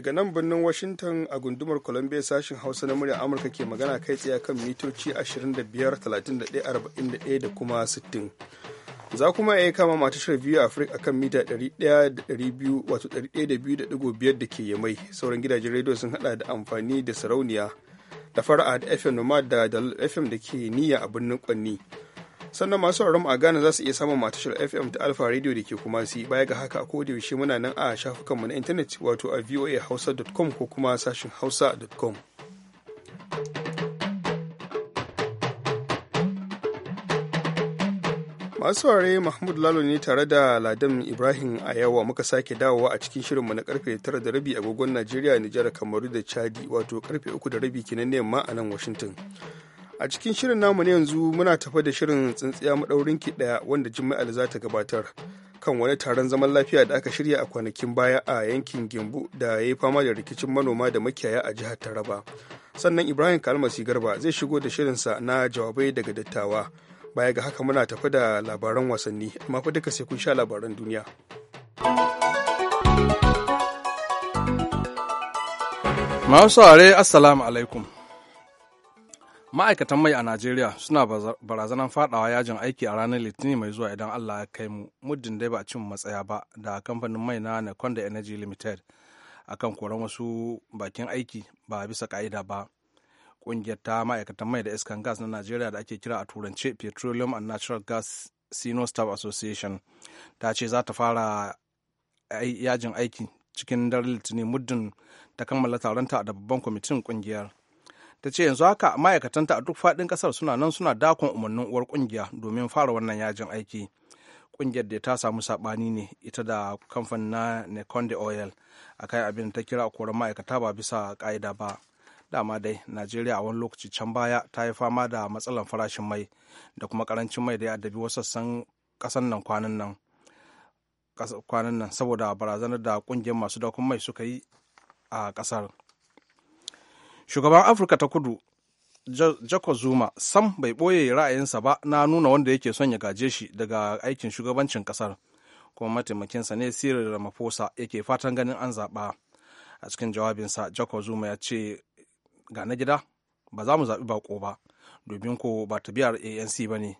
daga nan birnin Washington a gundumar Columbia sashen Hausa na murya Amurka ke magana kai tsaye kan mitoci 25, 31, 41 da kuma 60. Za kuma iya kama mata shirya biyu Afirka akan mita 100 wato da ke yamai. Sauran gidajen rediyo sun hada da amfani da sarauniya da fara'a da FM Nomad da FM da ke niyya a birnin Kwanni. sannan masu sauraron a Ghana za su iya samun matashar FM ta Alfa Radio da ke kuma si baya ga haka ko da yaushe muna nan a shafukanmu na intanet wato a voahausa.com ko kuma sashin hausa.com. masu saurare mahmud lalo ne tare da ladan ibrahim a yawa muka sake dawowa a cikin shirinmu na karfe 9 da rabi agogon najeriya nijar kamaru da chadi wato karfe uku da rabi kenan ne ma a nan washington a cikin shirin namu na yanzu muna tafa da shirin tsintsiya maɗaurin ki ɗaya wanda Ali za ta gabatar kan wani taron zaman lafiya da aka shirya a kwanakin baya a yankin gimbu da ya yi fama da rikicin manoma da makiyaya a jihar taraba sannan ibrahim kalmasi garba zai shigo da shirinsa na jawabai daga dattawa baya ga haka muna tafi da labaran wasanni amma fa duka sai kun sha labaran duniya masu assalamu alaikum ma'aikatan mai a najeriya suna barazanar fadawa yajin aiki a ranar litinin mai zuwa idan allah ya kai mu muddin dai ba a cin matsaya ba da kamfanin mai na nekonda energy limited akan koron wasu bakin aiki ba bisa ka'ida ba kungiyar ta ma'aikatan mai da iskan gas na najeriya da ake kira a turance petroleum and natural gas sino staff association ta ce za ta fara yajin aiki cikin daren litinin muddin ta kammala taronta da babban kwamitin kungiyar ta ce yanzu haka ma'aikatanta a duk faɗin ƙasar suna nan suna dakon umarnin uwar ƙungiya domin fara wannan yajin aiki ƙungiyar da ta samu saɓani ne ita da kamfanin na nekonde oil a kai abin ta kira koran ma'aikata ba bisa ƙa'ida ba dama dai najeriya a wani lokaci can baya ta yi fama da matsalar farashin mai da kuma karancin mai da ya addabi wasu sassan kasan nan kwanan nan kwanan nan saboda barazanar da ƙungiyar masu dakon mai suka yi a ƙasar. shugaban afirka ta kudu jako zuma sam bai ɓoye ra'ayinsa ba na nuna wanda yake son ya gaje shi daga aikin shugabancin ƙasar kuma mataimakinsa ne da mafosa yake fatan ganin an zaɓa a cikin jawabinsa jako zuma ya ce ga na gida ba za mu zaɓi baƙo ba domin ko ba tabiyar anc ba ne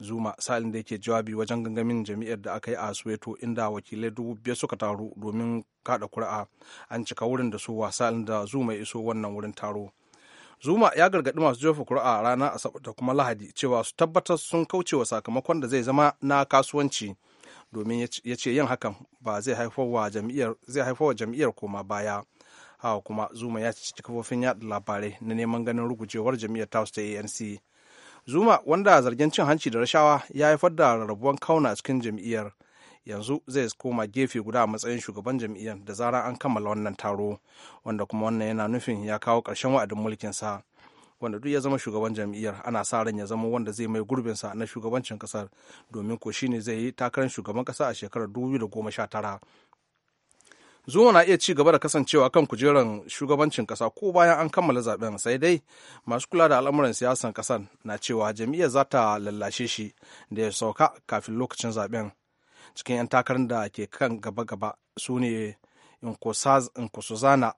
zuma salin da yake jawabi wajen gangamin jami'ar da aka yi a soweto inda wakilai dubu biyar suka taru domin kada kuri'a an cika wurin da su salin da zuma ya iso wannan wurin taro zuma ya gargaɗi masu jefa kuri'a rana asabar da kuma lahadi cewa su tabbatar sun kauce wa sakamakon da zai zama na kasuwanci domin ya ce yin hakan ba zai haifar wa jam'iyyar koma baya hawa kuma zuma ya ci kafofin yaɗa labarai na neman ganin rugujewar jam'iyyar taus ta anc zuma wanda zargin cin hanci da rashawa ya haifar da rarrabuwan kauna a cikin jam'iyyar yanzu zai koma gefe guda a matsayin shugaban jam'iyyar da zarar an kammala wannan taro wanda kuma wannan yana nufin ya kawo ƙarshen wa'adin mulkin sa wanda duk ya zama shugaban jam'iyyar ana sa ran ya zama wanda zai mai sa na shugabancin kasar domin ko shine zai yi takarar shugaban kasa a shekarar 2019 Zuma na iya ci gaba da kasancewa kan kujerar shugabancin kasa ko bayan an kammala zaben sai dai masu kula da al'amuran siyasan kasan na cewa jam'iyyar za ta lallashe shi da ya sauka kafin lokacin zaben. Cikin 'yan takarar da ke kan gaba-gaba su ne Nkosazana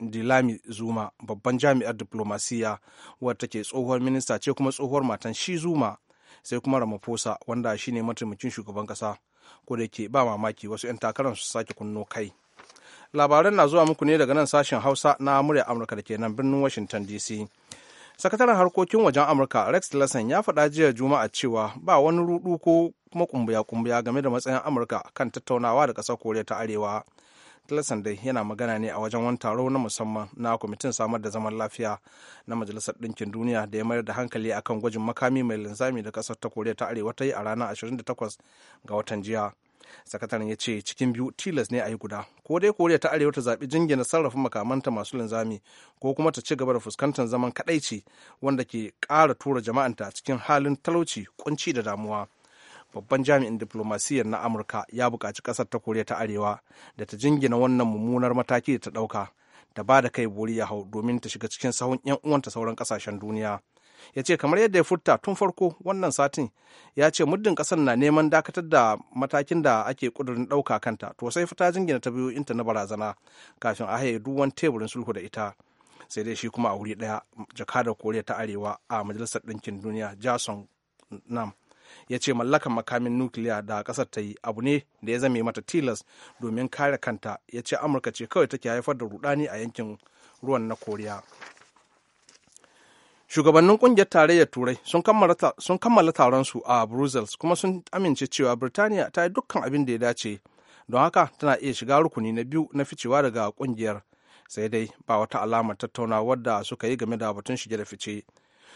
Dilami Zuma babban jami'ar diplomasiya wadda ke tsohuwar minista ce kuma tsohuwar matan shi Zuma sai kuma ramaphosa wanda shi ne mataimakin shugaban kasa ko da yake ba mamaki wasu 'yan takarar su sake kunno kai labaran na zuwa muku ne daga nan sashen hausa na murya amurka da ke nan birnin washington dc sakataren harkokin wajen amurka rex tillerson ya faɗa jiya juma'a cewa ba wani ruɗu ko kuma kumbuya-kumbuya game da matsayin amurka kan tattaunawa da ƙasar koriya ta arewa tillerson dai yana magana ne a wajen wani taro na musamman na kwamitin samar da zaman lafiya na majalisar ɗinkin duniya da ya mayar da hankali akan gwajin makami mai linzami da ƙasar ta koriya ta arewa ta yi a ranar 28 ga watan jiya sakataren ya ce cikin biyu tilas ne a yi guda ko dai koriya ta arewa ta zaɓi jingina sarrafa makamanta masu linzami ko kuma ta ci gaba da fuskantar zaman kadaici wanda ke ƙara tura jama'anta cikin halin talauci kunci da damuwa babban jami'in diplomasiyyar na amurka ya buƙaci ƙasar ta koriya ta arewa da ta jingina wannan mummunar mataki da ta ɗauka da ba da kai bori ya hau domin ta shiga cikin sahun 'yan uwanta sauran ƙasashen duniya ya ce kamar yadda ya furta tun farko wannan satin ya ce muddin ƙasar na neman dakatar da matakin da ake ƙudurin ɗauka kanta to sai fita jingina ta biyu inta na barazana kafin a haye duk wani teburin sulhu da ita sai dai shi kuma a wuri ɗaya jakadar koriya ta arewa a majalisar ɗinkin duniya jason nam ya ce mallakar makamin nukiliya da kasar ta yi abu ne da ya zame mata tilas domin kare kanta ya ce amurka ce kawai take haifar da rudani a yankin ruwan na koriya shugabannin kungiyar tarayyar turai sun kammala taron su a brussels kuma sun amince cewa birtaniya ta yi dukkan abin da ya dace don haka tana iya shiga rukuni na biyu na ficewa daga kungiyar sai dai ba wata alamar tattaunawa wadda suka yi game da batun shige da fice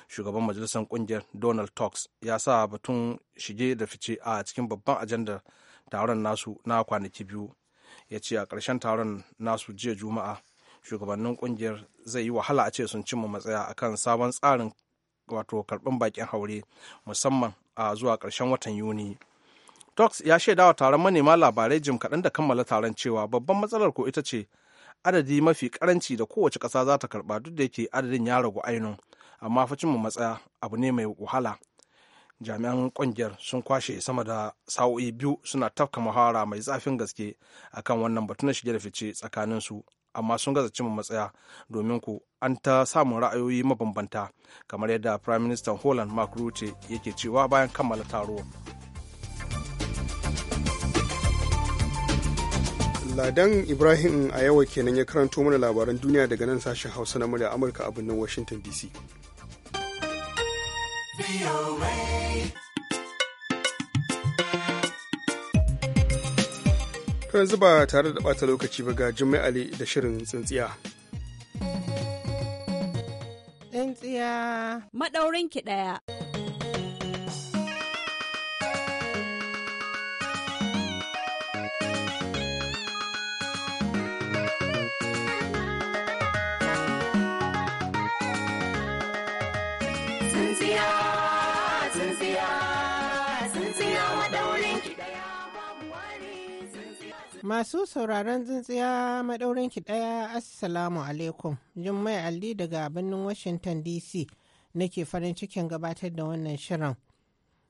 shugaban majalisar kungiyar donald tox ya sa batun shige da fice a cikin babban ajandar taron nasu na kwanaki biyu ya ce a karshen taron nasu jiya juma'a shugabannin kungiyar zai yi wahala a ce sun cimma matsaya akan sabon tsarin wato karɓin bakin haure musamman a zuwa ƙarshen watan yuni tox ya shaida wa taron manema labarai jim kaɗan da kammala taron cewa babban matsalar ko ita ce adadi mafi karanci da kowace ƙasa za ta karɓa duk da yake adadin ya ragu ainun amma fa cimma matsaya abu ne mai wahala jami'an kungiyar sun kwashe sama da sa'o'i biyu suna tafka muhawara mai zafin gaske akan wannan batun na shige da fice tsakanin su amma sun gaza cimma matsaya domin ku an ta samun ra'ayoyi mabambanta kamar yadda prime minister holland mark rutte yake cewa bayan kammala taro ladan ibrahim a yawa kenan ya karanto mana labaran duniya daga nan sashen hausa na murya amurka a birnin washington dc To yanzu ba tare da ɓata lokaci ba ga Jummai Ali da shirin tsintsiya. Tsintsiya. Maɗaurinki ɗaya. Masu sauraron tsintsiya madaurin ki ɗaya Assalamu alaikum. Jummai Ali daga birnin Washington DC nake farin cikin gabatar da wannan shirin.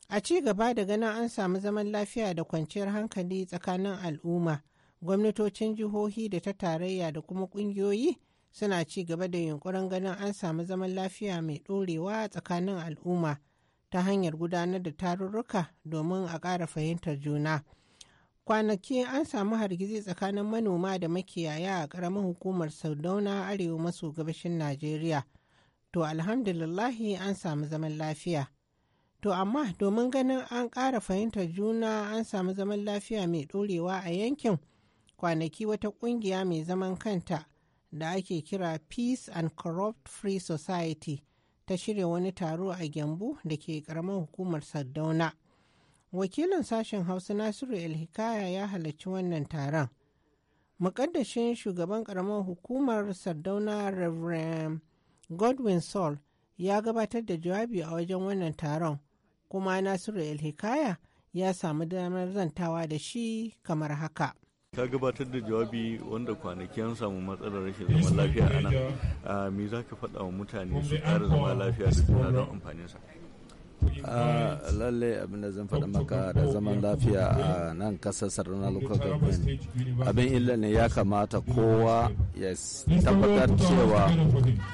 A ci gaba daga nan an samu zaman lafiya da kwanciyar hankali tsakanin al'umma, gwamnatocin jihohi da ta tarayya da kuma ƙungiyoyi suna ci gaba da yunkurin ganin an samu zaman lafiya mai ɗorewa tsakanin al'umma ta hanyar gudanar da tarurruka domin a ƙara fahimtar juna. kwanaki an samu hargitsi tsakanin manoma da makiyaya a ƙaramin hukumar Sardauna arewa maso gabashin Najeriya. To alhamdulillahi an samu zaman lafiya. To amma domin ganin an ƙara fahimtar juna an samu zaman lafiya mai ɗorewa a yankin kwanaki wata ƙungiya mai zaman kanta da ake kira Peace and Corrupt Free Society ta shirya wani taro a Gyambu da ke ƙaramin hukumar Sardauna. wakilin sashen hausa nasiru elhikaya ya halarci wannan taron mukaddashin shugaban karamar hukumar sardauna rev godwin saul ya gabatar da jawabi a wajen wannan taron kuma nasiru elhikaya ya samu damar zantawa da shi kamar haka ka gabatar da jawabi wanda kwanaki an samu matsalar rashin zaman lafiya a nan ah, me za ka faɗa wa mutane su ƙara zama lafiya da don amfaninsa Ah, lalle abin da zan faɗa maka da zaman lafiya a nan kasar sarrana local government abin illa ne ya kamata kowa ya tabbatar cewa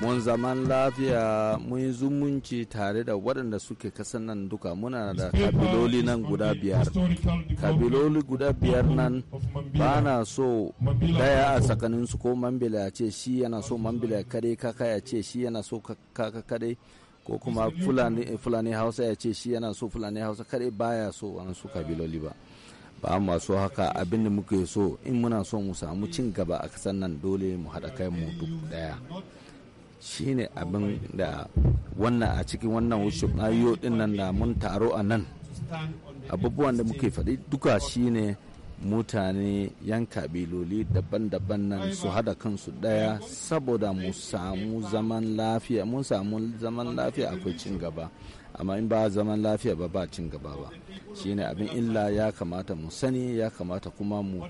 mun zaman lafiya mun yi zumunci tare da waɗanda suke kasan nan duka muna da kabiloli nan guda biyar kabiloli guda biyar nan ba na so daya a tsakaninsu ko mambila ya ce shi yana so mambila kare kaka ya ce shi yana so kaka kare ko kuma eh, fulani hausa ya ce shi yana so fulani hausa kare baya so wani su kabiloli ba ba so haka abin da muke so in muna so mu samu cin gaba a kasan nan dole mu haɗa kai mu duk daya shine abin da wannan a cikin wannan workshop na din nan da mun taro a nan abubuwan da muke faɗi duka shine mutane yan kabiloli daban-daban nan su hada kansu daya saboda mu samu zaman lafiya mun samu zaman lafiya akwai cin gaba amma in ba zaman lafiya ba ba cin gaba ba shine abin illa ya kamata mu sani ya kamata kuma mu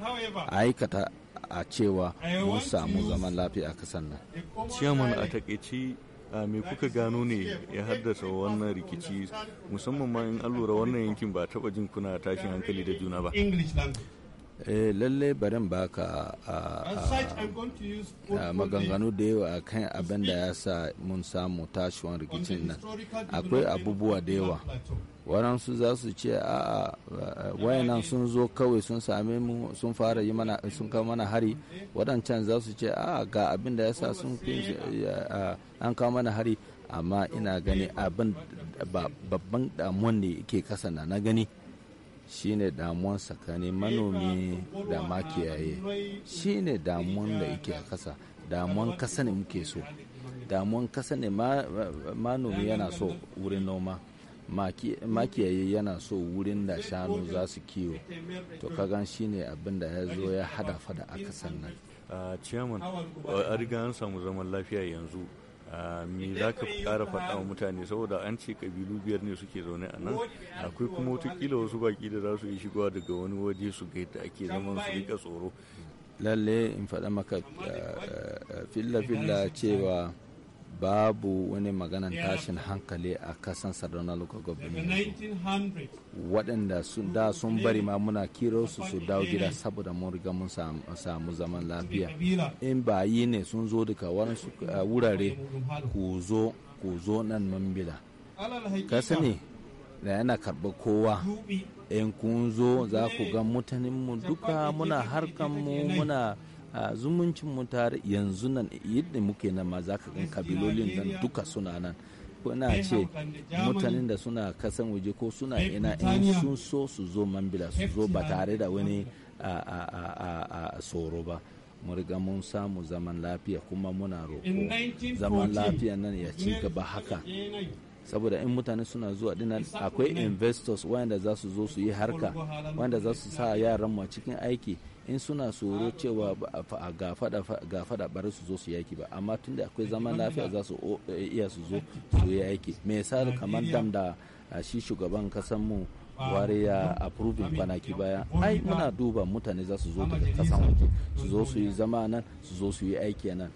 aikata a cewa mun samu zaman lafiya a kasan nan ciyaman a takaici a me kuka gano ne ya haddasa wannan rikici musamman ma in an lura wannan yankin ba taba jin kuna tashin hankali da juna ba eh lalle barin baka a maganganu da yawa kan abin da ya sa mun samu tashiwan rikicin nan akwai abubuwa da yawa waransu za su ce a wayanan sun zo kawai sun same mu sun fara yi mana sun kawo mana hari waɗancan za su ce a ga abin da ya sa sun an kawo mana hari amma ina gani abin babban damuwan ne ke kasa na gani shine damuwan tsakanin manomi da makiyaye shine damuwan da yake a kasa damuwan kasa ne muke so damuwan kasa ne manomi yana so wurin noma makiyaye yana so wurin da shanu za su kiwo to kagan ne abin da ya zo ya hada fada a kasan nan ciyaman a riga an samu zaman lafiya yanzu me za ka kara faɗa wa mutane saboda an ce kabilu biyar ne suke zaune a nan akwai kuma watakila wasu baki da za su yi shigowa daga wani waje su ga yadda ake zaman su rika tsoro lalle in faɗa maka eh, eh, filla-filla cewa babu wani maganan tashin hankali a kasan sardauna local government waɗanda da sun bari ma muna kiro su su dawo gida saboda mun riga mun samu zaman lafiya in ba yi ne sun zo daga wasu uh, wurare ku zo ku zo nan mambila ka sani da yana karɓar kowa in kun zo za ku ga mutanenmu duka muna harkanmu muna a zumuncin mu tare yanzu nan yadda muke nan ma ka gan kabilolin nan duka suna nan kuna ce mutanen da suna kasan waje ko suna ina in sun so su zo mambila su zo ba tare da wani a tsoro ba mu riga mun samu zaman lafiya kuma muna roƙo zaman lafiya nan ya ci gaba haka saboda in mutane suna zuwa dinan akwai investors wanda za su zo su yi harka wanda za su sa yaran mu cikin aiki in suna tsoro cewa ga fada bari su zo su yaki ba amma tunda akwai zaman lafiya za su eh, iya su zo su yaki mai yasa kamar dam da shi shugaban kasan mu ware ya approving kwanaki baya ai muna duba mutane za su zo daga kasan waje su zo su yi zama nan su zo su yi aiki nan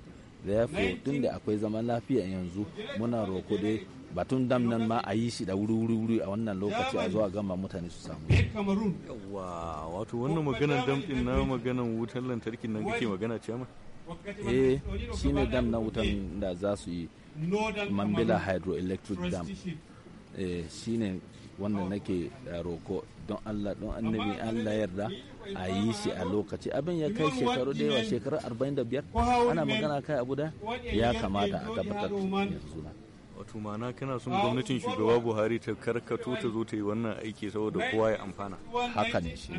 therefore tunda akwai zaman lafiya yanzu muna roko dai batun dam nan ma a yi shi da wuri wuri wuri a wannan lokaci a zuwa gama mutane su samu yawa wato wannan maganan dam din na maganan wutan lantarki nan kake magana ce ma eh shine dam na wutan da za su yi mambila hydroelectric dam eh shine wanda nake eh, roko don Allah don annabi Allah yarda a yi shi a lokaci abin ya kai shekaru da yawa shekarar 45 ana magana kai abu da ya kamata a tabbatar yanzu na wato ma'ana kana son gwamnatin shugaba buhari ta karkato ta zo ta yi wannan aiki saboda kowa ya amfana haka ne shi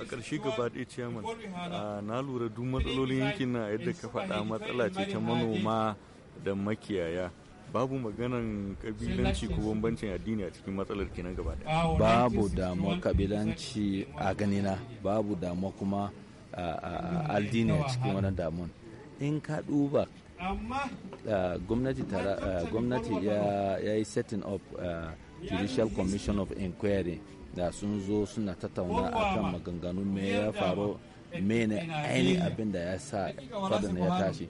a ƙarshe gaba ɗaya ciyaman na lura duk matsalolin yankin na yadda ka faɗa matsala ce ta manoma da makiyaya babu maganan kabilanci ko bambancin addini a cikin matsalar kenan gaba ɗaya babu damuwa kabilanci a ganina babu damuwa kuma addini a cikin wannan damuwan in ka duba Uh, gwamnati uh, ya yi setting up uh, judicial commission of inquiry da sun zo suna tattauna kan maganganu me ya faru mene ainihin abin da ya sa fadan ya tashi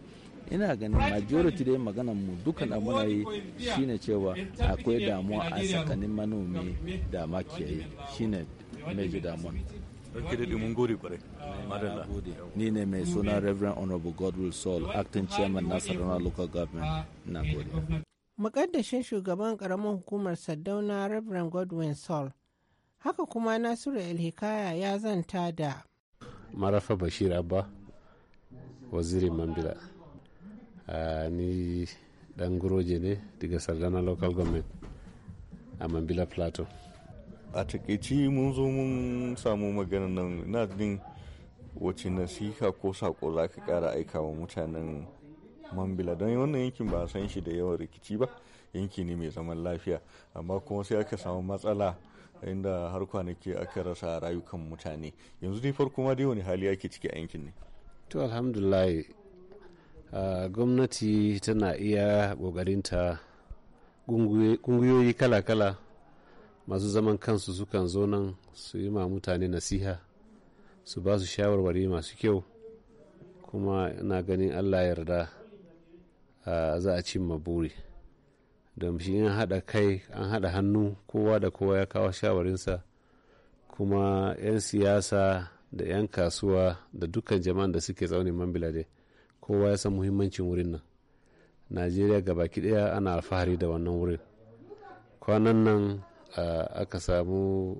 ina ganin majority dai maganan mu dukkan muna yi shine cewa akwai damuwa a tsakanin manomi da makiyayi shine major damuwa Ah, ni ne mai suna Reverend Honorable Godwill Saul, Acting Chairman na Sarana Local Government. Ah, na eh, gode. Mukaddashin shugaban ƙaramin hukumar Saddauna Reverend Godwin Saul. Haka kuma Nasiru Elhikaya ya zanta da. Marafa Bashir Abba, waziri Mambila. Ah, ni dan guroje ne daga Sardana Local Government a Mambila Plateau. a takaici mun zo mun samu maganar nan na jin wace nasiha ko sako za ka kara aika wa mutanen mambila don wannan yankin ba a san shi da yawan rikici ba yanki ne mai zaman lafiya amma kuma sai aka samu matsala inda har kwanaki aka rasa rayukan mutane yanzu dai farko ma dai wani hali ake ciki a yankin ne to alhamdulillah gwamnati tana iya ƙoƙarinta ƙungiyoyi kala-kala masu zaman kansu sukan zo nan su yi ma mutane nasiha su ba su shawarwari masu kyau kuma na ganin allah yarda za a cimma buri don shi an haɗa kai an haɗa hannu kowa da kowa ya kawo shawarinsa kuma 'yan siyasa da 'yan kasuwa da dukkan jama'an da suke zaune man bilade kowa ya san muhimmancin wurin nan najeriya gabaki ɗaya ana alfahari da wannan wurin kwanan nan Eh, aka samu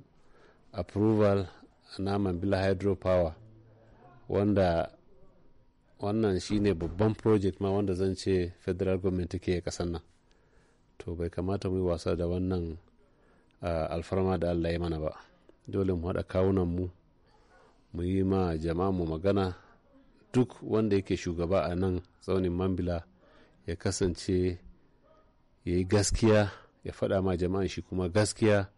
approval na mambila hydropower wanda wannan shine babban project ma wanda zan ce federal government ke kasan nan to bai kamata mu yi wasa da wannan eh, alfarma da allah ya mana ba dole mu haɗa kawunanmu mu yi ma jama'a mu magana duk wanda yake shugaba a nan tsaunin mambila ya kasance ya yi gaskiya ya faɗa ma jama'an shi kuma gaskiya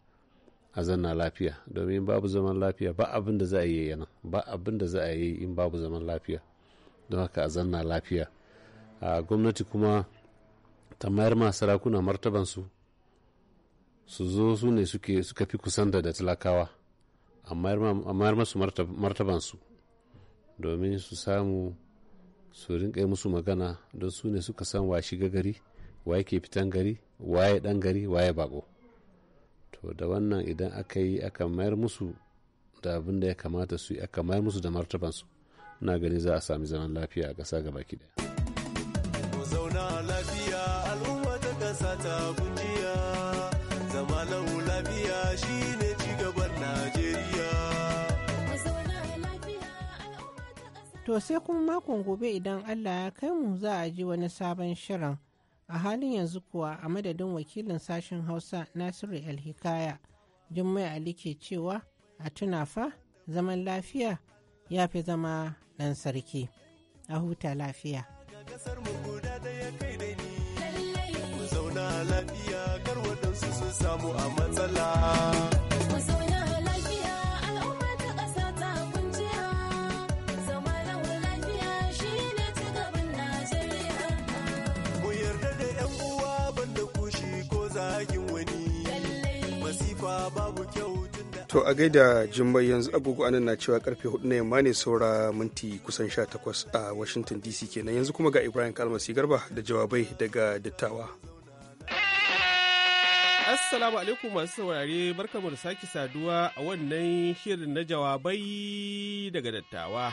a zanna lafiya domin babu zaman lafiya ba abin da za a yi yana ba abin da za a yi in babu zaman lafiya don haka a zanna lafiya a gwamnati kuma ta mayar ma sarakuna martabansu su zo su ne suka fi kusanta da talakawa a mayar masu martabansu domin su samu su rinƙa musu magana don su ne suka san washi gari. waye ke fitan gari waye dan gari waye bako to da wannan idan aka yi aka mayar musu da abin da ya kamata su yi aka mayar musu da martabansu na gani za a sami zaman lafiya a ƙasa gaba ki daya zauna lafiya al'umma ta ƙasa ta zama lafiya shine cigaban najeriya to sai kuma makon gobe idan allah ya kai mu za a ji wani sabon shirin a halin yanzu kuwa a madadin wakilin sashen hausa nasiru alhikaya jummai ali ke cewa a tuna fa zaman lafiya ya fi zama ɗan sarki a huta lafiya lafiya kar waɗansu samu a matsala To a gaida jimmai yanzu agogo anan na cewa karfe hudu na yamma ne saura minti kusan 18 a Washington DC kenan yanzu kuma ga Ibrahim Kalmasi Garba da jawabai daga dattawa. Assalamu alaikum masu saurare barkamu da sake saduwa a wannan shirin na jawabai daga dattawa.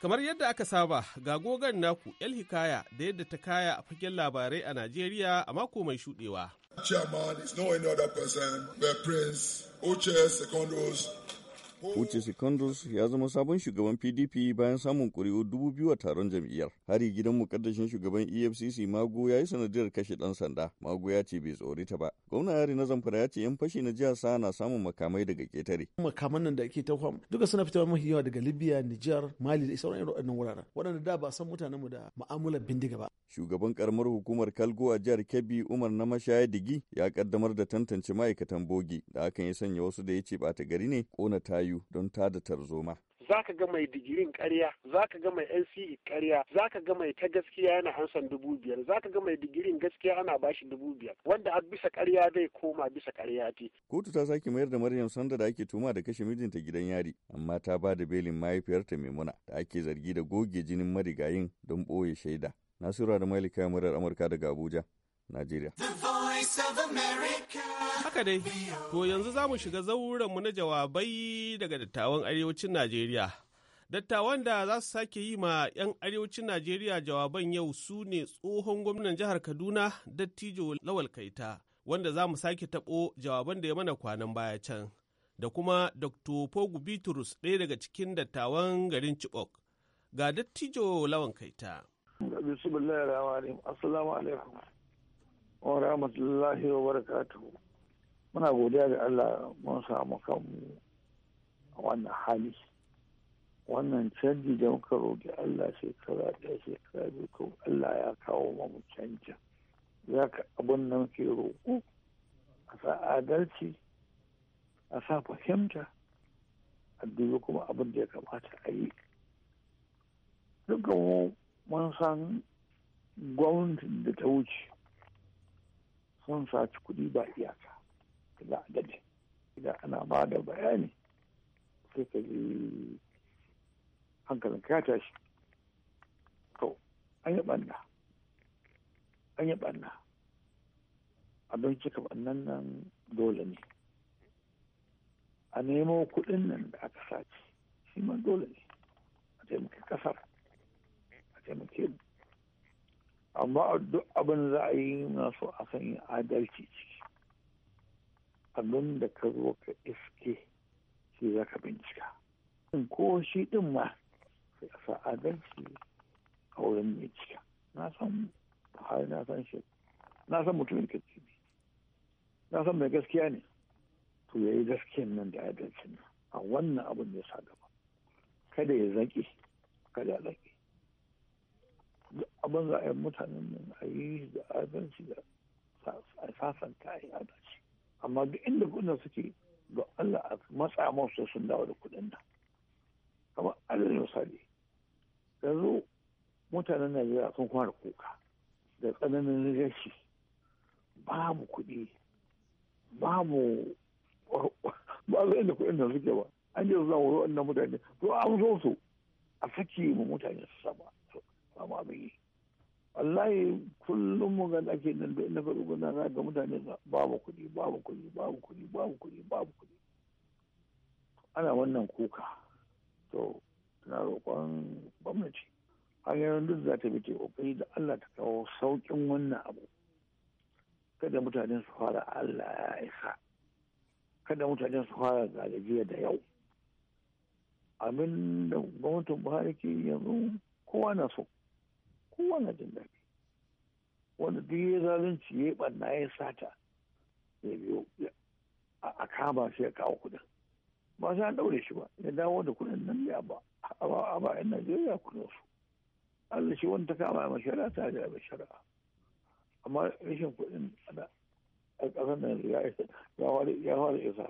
Kamar yadda aka saba ga gogon naku yan Hikaya da yadda ta kaya a fagen labarai a Najeriya a mako mai shudewa. Chairman Uche Secondos ya zama sabon shugaban PDP bayan samun ƙuri'u dubu biyu a taron jam'iyyar. Hari gidan mukaddashin shugaban EFCC Mago ya yi sanadiyar kashe ɗan sanda. Mago ya ce bai tsori ta ba. Gwamna yari na zamfara ya ce yan fashi na jihar sa na samun makamai daga ketare. Makaman nan da ake ta kwam duka suna fitowa mafi yawa daga Libya, Nijar, Mali da sauran irin waɗannan wuraren. Waɗanda da ba san mutanenmu da mu'amalar bindiga ba. shugaban karamar hukumar kalgo a jihar kebbi umar na mashaya digi ya kaddamar da tantance ma'aikatan bogi da hakan ya sanya wasu da ya ce bata gari ne kona tayu don tada tarzoma zaka ga mai digirin karya za ga mai nce karya za ga mai ta gaskiya yana hansan dubu biyar zaka ga mai digirin gaskiya ana bashi dubu biyar wanda a bisa karya zai koma bisa karya ce. kotu ta sake mayar da maryam sanda da ake tuma da kashe mijinta gidan yari amma ta ba da belin mahaifiyarta maimuna da ake zargi da goge jinin marigayin don boye shaida Nasiru da Malika murar Amurka daga Abuja, Najeriya. Haka dai, to yanzu za mu shiga zauranmu na jawabai daga dattawan arewacin Najeriya. Dattawan da za su sake yi ma 'yan arewacin Najeriya jawaban yau su ne tsohon gwamnan jihar Kaduna, Dattijo Lawal Kaita, wanda za mu sake taɓo jawaban da ya mana kwanan baya can. da kuma Dr. Pogu Bitrus ɗaya daga cikin dattawan garin Chibok. Ga dattijo lawan kaita. bismillahir rahmanir rahim wa muna godiya da Allah mun samu kanmu a wannan hali wannan canji da muka roƙi Allah shekara ɗaya shekara biyu ko Allah ya kawo mu canjin za ka abin da muke roƙo a sa adalci a sa fahimta a dubi kuma abin da ya kamata a yi dukkan mu mun san gwamnatin da ta wuce sun saci kuɗi ba iyaka da adadi idan ana ba da bayani sai ka ji hankalin ka tashi to an yi ɓanna an yi banna abin cika ɓannan nan dole ne a nemo kuɗin nan da aka saci shi ma dole ne a taimaka ƙasar taimake mu amma duk abin za a yi na so a san adalci ciki abin da ka zo ka iske shi za ka bincika ko shi din ma sai a sa adalci a wurin mai cika na san har na san shi na san mutumin kacce ne na san mai gaskiya ne to ya yi gaskiyan nan da adalcin nan a wannan abin da ya sa gaba kada ya zaƙi kada ya zaƙi abin za a yi mutanen nan a yi da adalci da a sasanta a yi adalci amma duk inda kudin suke ga Allah a matsa musu sun dawo da kudin nan kamar alal misali yanzu mutanen Najeriya sun fara kuka da tsananin rashi babu kuɗi babu ba za inda kuɗin da suke ba an yi zuwa wurin wannan mutane to an zo su a sake mu mutane su sama sama abin yi wallahi kullum mu da ake nan da ina faɗi ga mutane babu kuɗi babu kuɗi babu kuɗi babu kuɗi babu kuɗi ana wannan kuka to na roƙon gwamnati hanyoyin duk za ta bi ta ƙoƙari da Allah ta kawo sauƙin wannan abu kada mutane su fara Allah ya isa kada mutane su fara galajiya da yau abin da gwamnatin Buhari ke yanzu kowa na so kowane jin daɗi wanda duk ya zalunci ya ɓanna ya sata ya biyo a kama sai ya kawo kuɗin ba sai an ɗaure shi ba ya dawo da kuɗin nan ne a ba a ba yan najeriya kuɗin su allah shi wani ta kama ma shari'a ta da mai shari'a amma rashin kuɗin ana a ƙasar nan ya ya fara isa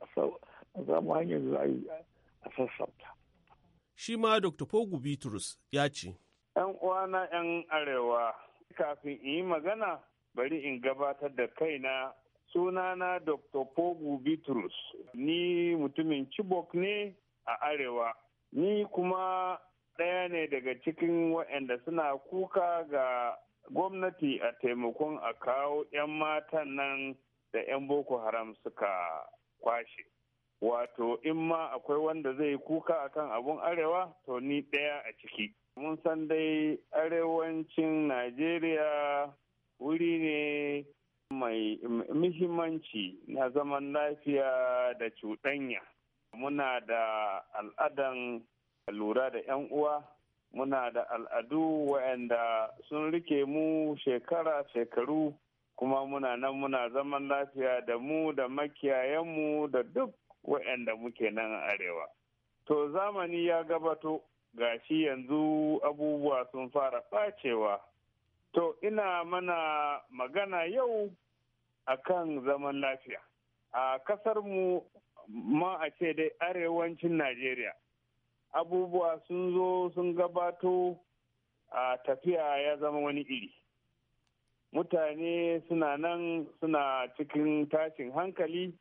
a samu hanyar da za a sassauta. shi ma dr pogu bitrus ya ce 'yan uwana 'yan arewa kafin in yi magana bari in gabatar da kaina sunana dr pogu bitrus ni mutumin chibok ne a arewa ni kuma ɗaya ne daga cikin waɗanda suna kuka ga gwamnati a taimakon a kawo 'yan matan nan da 'yan boko haram suka kwashe wato in ma akwai wanda zai kuka akan abun arewa to ni ɗaya a ciki mun san dai arewacin najeriya wuri ne mai muhimmanci na zaman lafiya da cuɗanya muna da al'adan lura da 'yan uwa muna da al'adu waɗanda sun rike mu shekara shekaru kuma muna nan muna zaman lafiya da mu da makiyayenmu da duk waɗanda muke nan a arewa to zamani ya gabato gashi yanzu abubuwa sun fara ɓacewa to ina mana magana yau a kan zaman lafiya a ƙasarmu ma a ce dai arewacin najeriya abubuwa sun zo sun gabato a tafiya ya zama wani iri mutane suna nan suna cikin tashin hankali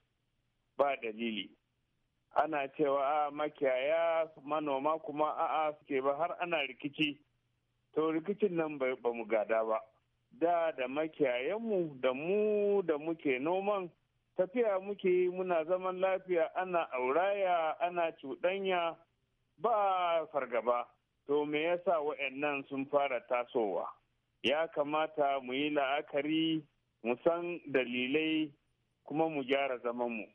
ba dalili ana cewa a ah, makiyaya manoma kuma a'a suke ba har ana rikici to rikicin nan ba mu gada ba da da makiyayenmu da mu da muke noman tafiya muke muna zaman lafiya ana auraya ana cuɗanya ba fargaba to me yasa wa'annan sun fara tasowa ya kamata mu yi la'akari mu san dalilai kuma mu gyara zamanmu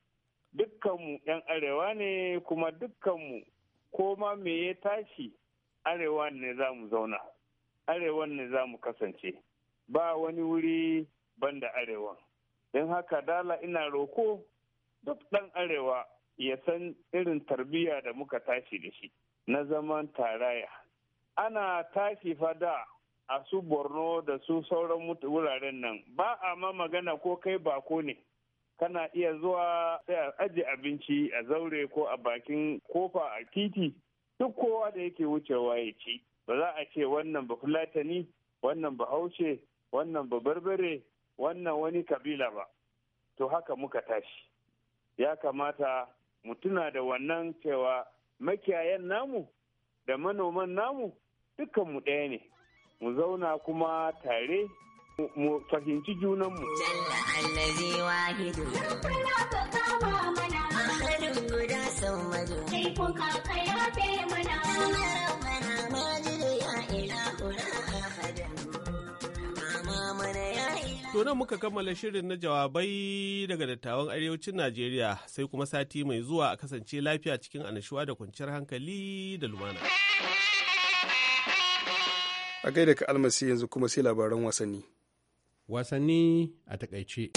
dukkanmu 'yan arewa ne kuma dukkanmu ko ma me ya tashi arewa ne za mu zauna arewa ne za mu kasance ba wani wuri ban da arewa don haka dala ina roko duk ɗan arewa ya san irin tarbiyya da muka tashi da shi na zaman taraya ana tashi fada a su borno da su sauran wuraren nan ba a ma magana ko kai bako ne kana iya zuwa sai a ajiye abinci a zaure ko a bakin kofa a titi duk kowa da yake wucewa ya ci ba za a ce wannan ba fulatani wannan ba haushe wannan ba barbare wannan wani kabila ba to haka muka tashi ya kamata mu tuna da wannan cewa makiyayan namu da manoman namu dukkan mu ɗaya ne mu zauna kuma tare mu fahimci junanmu. Jalla allazi wahidu. nan muka kammala shirin na jawabai daga dattawan arewacin Najeriya sai kuma sati mai zuwa a kasance lafiya cikin anashuwa da kwanciyar hankali da lumana. A gaida ka almasi yanzu kuma sai labaran wasanni. wasanni a takaice.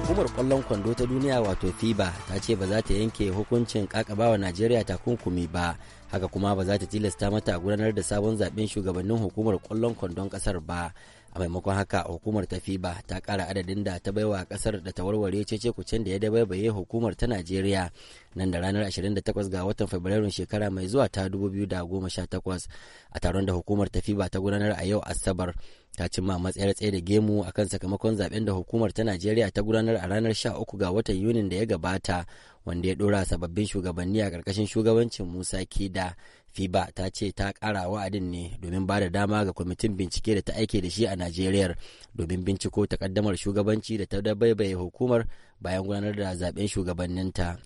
hukumar kwallon kwando ta duniya wato fiba ta ce ba za ta yanke hukuncin kakabawa najeriya takunkumi ba haka kuma ba za ta tilasta mata gudanar da sabon zaben shugabannin hukumar kwallon kwandon kasar ba a maimakon haka hukumar ta fiba ta kara adadin da ta baiwa kasar da ta warware cece-kucen da ya dabaibaye hukumar ta najeriya nan da ranar 28 ga watan fabrairun shekara mai zuwa ta 2018 a taron da hukumar ta fiba ta gudanar a yau asabar ta cimma matsayar tsaye da gemu a kan sakamakon zaben da hukumar ta najeriya ta gudanar a ranar 13 ga watan yunin da ya gabata wanda ya dora sababbin shugabanni a ƙarƙashin shugabancin musa kida fiba ta ce ta kara wa'adin ne domin ba da dama ga kwamitin bincike da ta aike da shi a najeriya domin binciko takaddamar shugabanci da ta dabaibaye hukumar bayan gudanar da zaben shugabanninta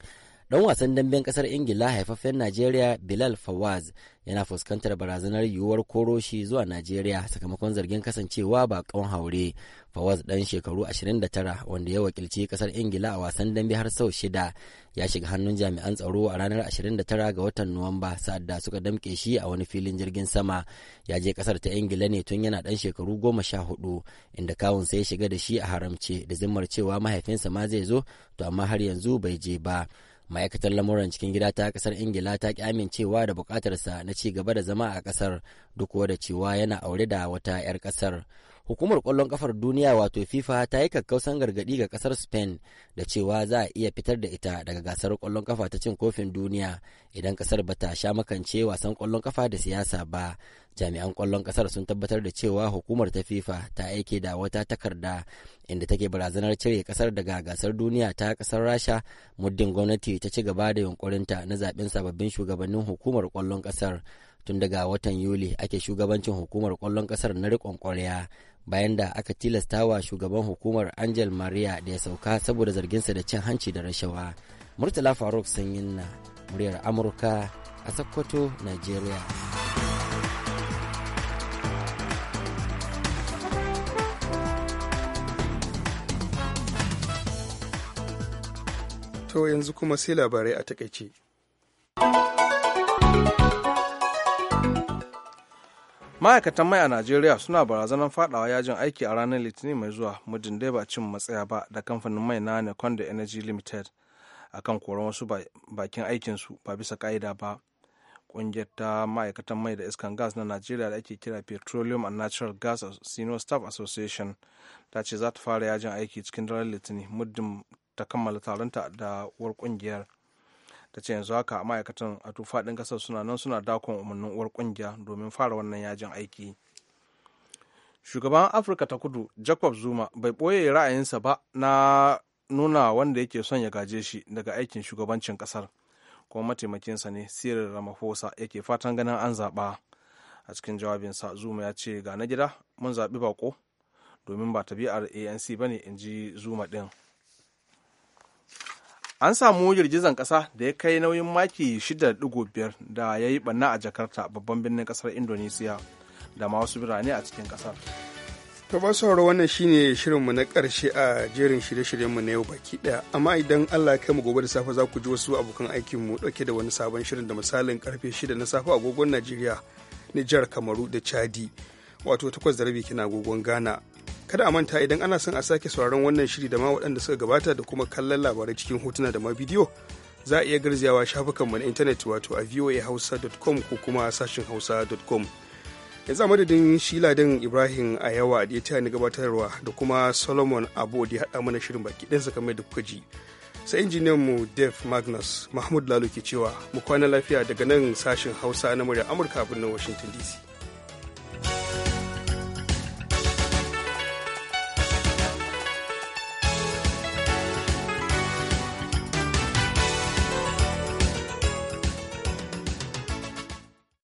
dan wasan damben kasar ingila haifafen najeriya bilal fawaz yana fuskantar barazanar yiwuwar koro shi zuwa najeriya sakamakon zargin kasancewa ba haure fawaz dan shekaru 29 wanda ya wakilci kasar ingila a wasan dambe har sau shida ya shiga hannun jami'an tsaro a ranar 29 ga watan nuwamba sa'ad da suka damke shi a wani filin jirgin sama ya je kasar ta ingila ne tun yana dan shekaru goma sha hudu inda kawun sai ya shiga da shi a haramce da zimmar cewa mahaifinsa ma zai zo to amma har yanzu bai je ba ma'aikatar lamuran cikin gida ta kasar ingila ta ki amincewa da bukatarsa na ci gaba da zama a kasar duk da cewa yana aure da wata 'yar kasar hukumar kwallon kafar duniya wato fifa ta yi kakkausan gargadi ga kasar spain da cewa za a iya fitar da ita daga gasar kwallon kafa ta cin kofin duniya idan kasar bata sha makance wasan kwallon kafa da siyasa ba jami'an kwallon kasar sun tabbatar da cewa hukumar ta fifa ta aike da wata takarda inda take barazanar cire kasar daga gasar duniya ta kasar rasha muddin gwamnati ta ci gaba da yunkurinta na zaben sababbin shugabannin hukumar kwallon kasar tun daga watan yuli ake shugabancin hukumar kwallon kasar na riƙon ƙwarya bayan da aka tilasta wa shugaban hukumar angel maria da ya sauka saboda zarginsa da cin hanci da rashawa murtala faruk sanyin na muryar amurka a sokoto nigeria To yanzu kuma sai labarai a takaice. ma'aikatan mai a najeriya suna barazanar fadawa yajin aiki a ranar litinin mai zuwa muddin dai ba cin matsaya ba da kamfanin mai na nekonda energy limited a kan koron wasu bakin aikinsu ba bisa ka'ida ba ƙungiyar ta ma'aikatan mai da iskan gas na najeriya da ake kira petroleum and natural gas senior staff association ta ce za ta fara yajin aiki cikin daren litinin muddin ta kammala taronta da uwar kungiyar ta ce yanzu haka ma'aikatan a tufaɗin ƙasar suna nan suna dakon umarnin uwar kungiya domin fara wannan yajin aiki shugaban afirka ta kudu jacob zuma bai ɓoye ra'ayinsa ba na nuna wanda yake son ya gaje shi daga aikin shugabancin ƙasar kuma mataimakinsa ne cyril ramaphosa yake fatan ganin an zaɓa a cikin jawabinsa zuma ya ce ga na gida mun zaɓi baƙo domin ba tabi'ar anc ba ne in ji zuma ɗin an samu girgizan kasa da ya kai nauyin maki 6.5 da ya yi banna a jakarta babban birnin kasar indonesiya da ma wasu birane a cikin kasar. ta ba sauro wannan shine shirinmu na karshe a jerin shirye-shiryenmu na yau baki daya amma idan allah kai mu gobe da safe za ku ji wasu abokan mu dauke da wani sabon shirin da misalin karfe 6 na safe agogon najeriya nijar kamaru da chadi wato takwas da rabi kina agogon ghana kada a manta idan ana son a sake sauraron wannan shiri da ma waɗanda suka gabata da kuma kallon labarai cikin hotuna da ma bidiyo za a iya garzayawa shafukanmu na intanet wato a voahausa.com ko kuma sashin hausa.com yanzu a madadin shiladin ibrahim yawa da ya taya ni gabatarwa da kuma solomon abu da ya haɗa mana shirin baki ɗansa kamar da kuka ji sai injiniyan mu dave magnus mahmud lalo ke cewa mu kwana lafiya daga nan sashin hausa na murya amurka a birnin washington dc